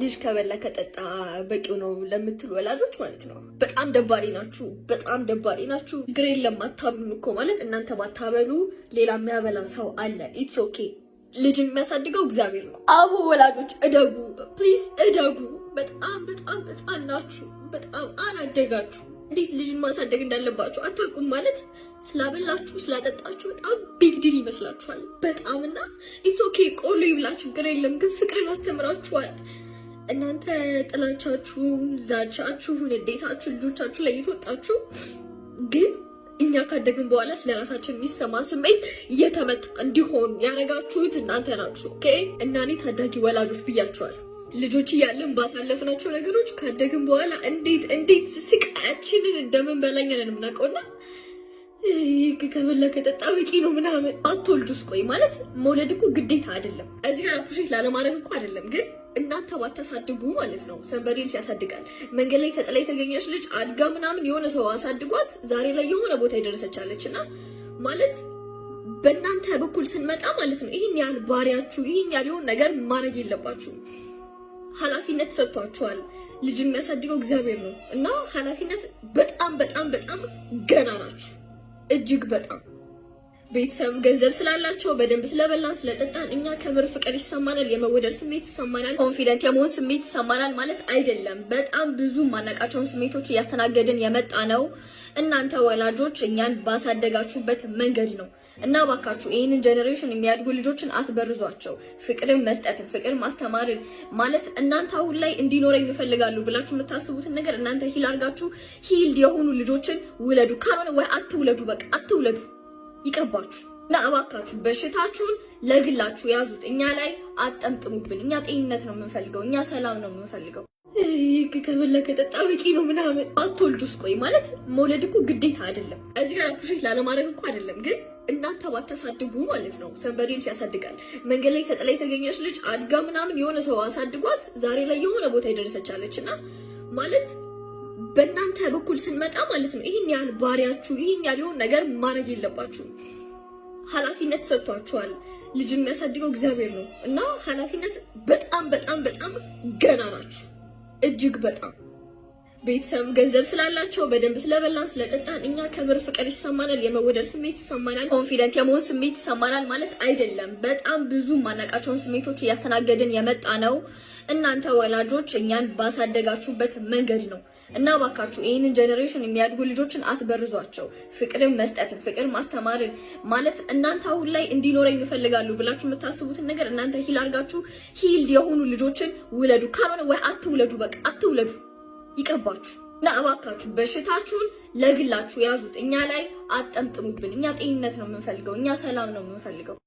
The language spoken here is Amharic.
ልጅ ከበላ ከጠጣ በቂው ነው ለምትሉ ወላጆች ማለት ነው፣ በጣም ደባሪ ናችሁ፣ በጣም ደባሪ ናችሁ። ግሬን ለማታብሉ እኮ ማለት እናንተ ባታበሉ ሌላ የሚያበላ ሰው አለ። ኢትስ ኦኬ። ልጅ የሚያሳድገው እግዚአብሔር ነው። አቡ ወላጆች እደጉ፣ ፕሊዝ እደጉ። በጣም በጣም ህፃን ናችሁ፣ በጣም አላደጋችሁ። እንዴት ልጅን ማሳደግ እንዳለባችሁ አታውቁም። ማለት ስላበላችሁ ስላጠጣችሁ በጣም ቢግ ዲል ይመስላችኋል። በጣም እና ኢትስ ኦኬ። ቆሎ ይብላ ችግር የለም ግን ፍቅርን አስተምራችኋል። እናንተ ጥላቻችሁ ዛቻችሁን፣ እንዴታችሁ ልጆቻችሁ ላይ እየተወጣችሁ ግን እኛ ካደግን በኋላ ስለ ራሳችን የሚሰማ ስሜት እየተመታ እንዲሆን ያደረጋችሁት እናንተ ናችሁ። ኦኬ እና እኔ ታዳጊ ወላጆች ብያችኋል። ልጆች እያለን ባሳለፍናቸው ነገሮች ካደግን በኋላ እንዴት እንዴት ስቃያችንን እንደምንበላኝ ነን የምናውቀውና ከበላ ከጠጣ በቂ ነው ምናምን ውስጥ ቆይ ማለት መውለድ እኮ ግዴታ አይደለም። እዚህ ጋር አፕሪሼት ላለማድረግ እኮ አይደለም ግን እናንተ ባታሳድጉ ማለት ነው። ሰንበዴልስ ያሳድጋል። መንገድ ላይ ተጥላ የተገኘች ልጅ አድጋ ምናምን የሆነ ሰው አሳድጓት ዛሬ ላይ የሆነ ቦታ የደረሰቻለች እና ማለት በእናንተ በኩል ስንመጣ ማለት ነው ይህን ያህል ባሪያችሁ፣ ይህን ያህል የሆን ነገር ማድረግ የለባችሁ። ኃላፊነት ሰጥቷችኋል። ልጅ የሚያሳድገው እግዚአብሔር ነው እና ኃላፊነት በጣም በጣም በጣም ገና ናችሁ። እጅግ በጣም ቤተሰብ ገንዘብ ስላላቸው በደንብ ስለበላን ስለጠጣን እኛ ከምር ፍቅር ይሰማናል፣ የመወደድ ስሜት ይሰማናል፣ ኮንፊደንት የመሆን ስሜት ይሰማናል ማለት አይደለም። በጣም ብዙ ማናቃቸውን ስሜቶች እያስተናገድን የመጣ ነው። እናንተ ወላጆች እኛን ባሳደጋችሁበት መንገድ ነው እና ባካችሁ ይህንን ጀኔሬሽን የሚያድጉ ልጆችን አትበርዟቸው። ፍቅርን መስጠትን፣ ፍቅር ማስተማርን ማለት እናንተ አሁን ላይ እንዲኖረኝ ይፈልጋሉ ብላችሁ የምታስቡትን ነገር እናንተ ሂል አድርጋችሁ ሂልድ የሆኑ ልጆችን ውለዱ። ካልሆነ ወይ አትውለዱ፣ በቃ አትውለዱ። ይቅርባችሁ እና እባካችሁ በሽታችሁን ለግላችሁ ያዙት። እኛ ላይ አጠምጥሙብን። እኛ ጤንነት ነው የምንፈልገው። እኛ ሰላም ነው የምንፈልገው። ከበለገ ጠጣ በቂ ነው ምናምን ባትወልዱስ። ቆይ ማለት መውለድ እኮ ግዴታ አይደለም። እዚህ ጋር አፕሪሼት ላለማድረግ እኮ አይደለም፣ ግን እናንተ ባታሳድጉ ማለት ነው። ሰንበዴልስ ያሳድጋል። መንገድ ላይ ተጥላ የተገኘች ልጅ አድጋ ምናምን የሆነ ሰው አሳድጓት ዛሬ ላይ የሆነ ቦታ የደረሰቻለች እና ማለት በእናንተ በኩል ስንመጣ ማለት ነው ይህን ያህል ባሪያችሁ ይህን ያህል የሆን ነገር ማድረግ የለባችሁም። ኃላፊነት ሰጥቷችኋል። ልጅ የሚያሳድገው እግዚአብሔር ነው እና ኃላፊነት በጣም በጣም በጣም ገና ናችሁ እጅግ በጣም ቤተሰብ ገንዘብ ስላላቸው በደንብ ስለበላን ስለጠጣን እኛ ክብር፣ ፍቅር ይሰማናል፣ የመወደድ ስሜት ይሰማናል፣ ኮንፊደንት የመሆን ስሜት ይሰማናል ማለት አይደለም። በጣም ብዙ ማናቃቸውን ስሜቶች እያስተናገድን የመጣ ነው። እናንተ ወላጆች እኛን ባሳደጋችሁበት መንገድ ነው እና እባካችሁ ይህንን ጀኔሬሽን የሚያድጉ ልጆችን አትበርዟቸው። ፍቅርን መስጠትን፣ ፍቅር ማስተማርን ማለት እናንተ አሁን ላይ እንዲኖረኝ ይፈልጋሉ ብላችሁ የምታስቡትን ነገር እናንተ ሂል አድርጋችሁ ሂልድ የሆኑ ልጆችን ውለዱ። ካልሆነ ወይ አትውለዱ፣ በቃ አትውለዱ። ይቅርባችሁ እና እባካችሁ በሽታችሁን ለግላችሁ ያዙት። እኛ ላይ አጠምጥሙብን። እኛ ጤንነት ነው የምንፈልገው። እኛ ሰላም ነው የምንፈልገው።